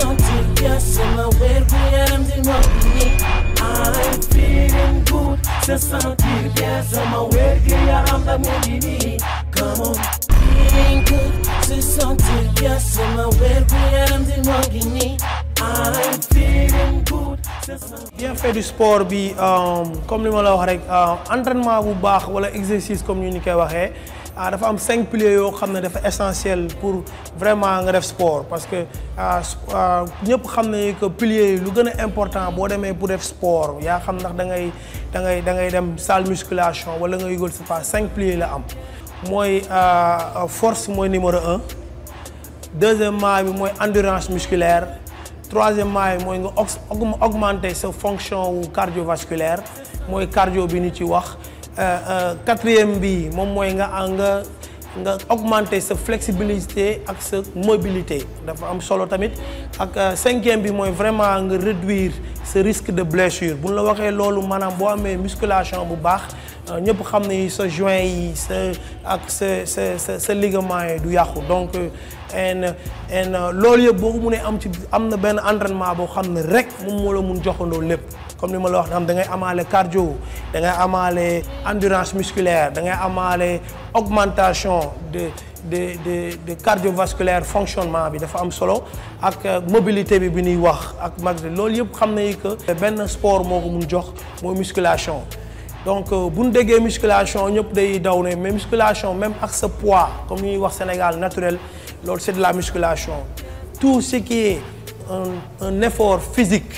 something, yes, I'm aware we are in the morning. I'm feeling good, say something, yes, I'm aware we are in the morning. Come on, feeling good, say something, yes, I'm aware we are in the morning. I'm feeling good, say something. du sport bi, um, comme li ma la wax rek, euh, entraînement bu baax wala exercice comme ñu ni koy waxee. ah dafa am cinq piliers yoo xam ne dafa essentiel pour vraiment nga def sport parce que ah, ah, ñëpp xam ne que pilier lu gën a important boo demee pour def sport yaa xam ndax da ngay da ngay da ngay dem salle musculation wala nga yëgal sa pas cinq piliers la am mooy ah, force mooy numéro 1 deuxièmement bi mooy endurance musculaire troisièmement bi mooy nga augmenter sa fonction cardiovasculaire mooy cardio bi ni ci wax euh, euh, quatrième bi moom mooy nga nga nga augmenter sa flexibilité ak sa mobilité dafa am solo tamit ak euh, cinquième bi moy vraiment nga réduire ce risque de blessure buñ la waxé lolu manam bo amé musculation bu baax ñëpp xam ne sa joint yi sa ak sa sa sa sa ligament yi du yàqu donc en en lolu yëpp boo ko mënee am ci am na ben entraînement bo xamné rek moom mo la mun joxando lepp comme ni ma la wax am da ngay amaale cardio da ngay endurance musculaire da ngay amaale augmentation de de de de cardiovasculaire fonctionnement bi dafa am solo ak euh, mobilité bi bi ñuy wax ak mag loolu yëpp xam que sport moko ko jox moy musculation donc buñ de la musculation ñëpp day daw ne mais musculation même avec ce poids comme ñuy wax Sénégal naturel c'est de la musculation tout ce qui est un effort physique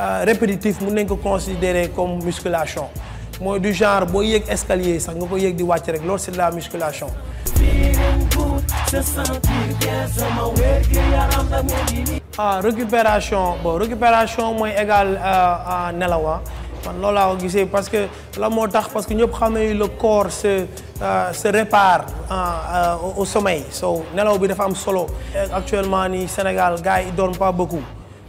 euh, répétitif mun nañ ko considérer comme musculation Moi, du genre si vous escalier ça nga ko yéeg di wàcc rek c'est de la musculation ah récupération bon récupération moi égal euh, à nelawa ah. man parce que la mort, parce que nous prenons le corps se euh, se répare ah, au sommeil so nelaw bi dafa am solo actuellement ni Sénégal gars ne dorment pas beaucoup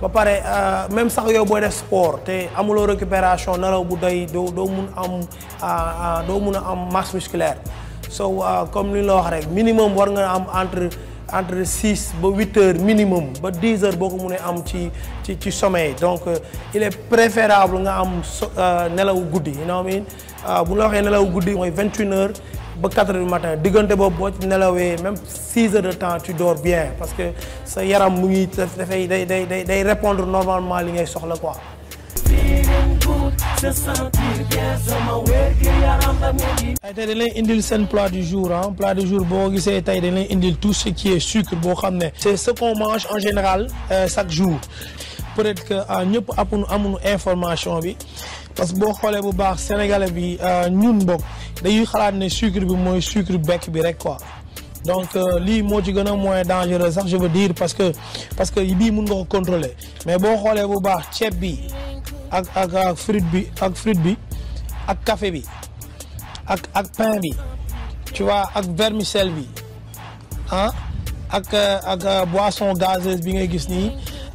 ba pare euh, même sax yow booy def sport te amuloo récupération nelaw bu doy doo doo mun am euh, euh, doo mun a am masse musculaire so comme li la wax rek minimum war nga am entre entre six ba huit heures minimum ba dix heures boo ko munee am ci ci ci sommeil donc il est préférable nga am nelaw guddi you I bu la waxee nelaw guddi mooy vingt une 4 h du matin même 6 heures de temps tu dors bien parce que ça yaram mouille, tu dafay répondre normalement à ngay soxla quoi. ay C'est dañ plat du jour Hein. plat du jour tout ce qui est sucre c'est ce qu'on mange en général euh, chaque jour peut-être que euh, ñëpp amuñu amuñu information bi parce que boo xoolee bu baax sénégalais bi euh, ñun bokk dañuy xalaat sucre bi mooy sucre bekk bi rek quoi donc euh, lii moo ci gën moins dangereux sax je veux dire parce que parce que il mun nga ko contrôler mais boo xoolee bu baax ceeb bi ak ak ak fruit bi ak fruit bi ak café bi ak ak pain bi tu vois ak vermicelle bi ah ak ak boisson gazeuse bi ngay gis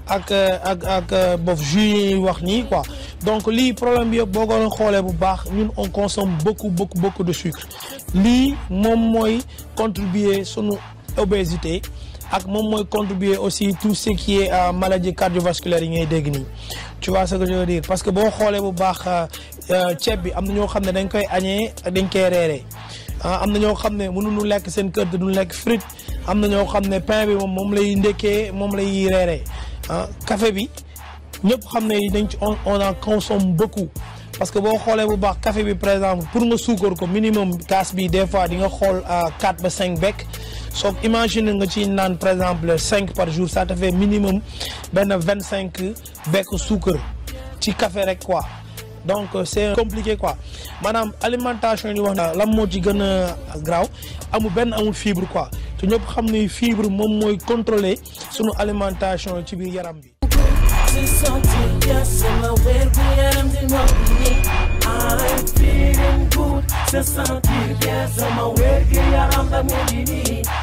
ak ak ak bof jus wax nii quoi donc lii problème bi yëpp boo ko xoolee bu baax ñun on consomme beaucoup beaucoup beaucoup de sucre lii moom mooy contribuer son obésité ak moom mooy contribuer aussi tout ce qui est euh, maladie cardiovasculaire yi ngay dégg nii tu vois ce que je veux dire parce que boo xoolee bu baax euh, euh, ceeb bi am na ñoo xam ne dañ koy añee dañ koy reeree ah, am na ñoo xam ne mënuñu lekk seen kër te duñu lekk frite am na ñoo xam ne pain bi moom moom lay ndékkee moom lay reeree ah, café bi on en consomme beaucoup parce que bo xolé bu café par exemple pour le sucre ko minimum des fois 4 ah, ba 5 becs. Imaginez que vous ci 5 par jour ça te fait minimum 25 25 bec sucre ci café donc euh, c'est compliqué madame alimentation ñu wax ah, la mo ci gëna graw amu ben fibre nous ñëpp xam ni fibre moom mooy contrôler sur alimentation ci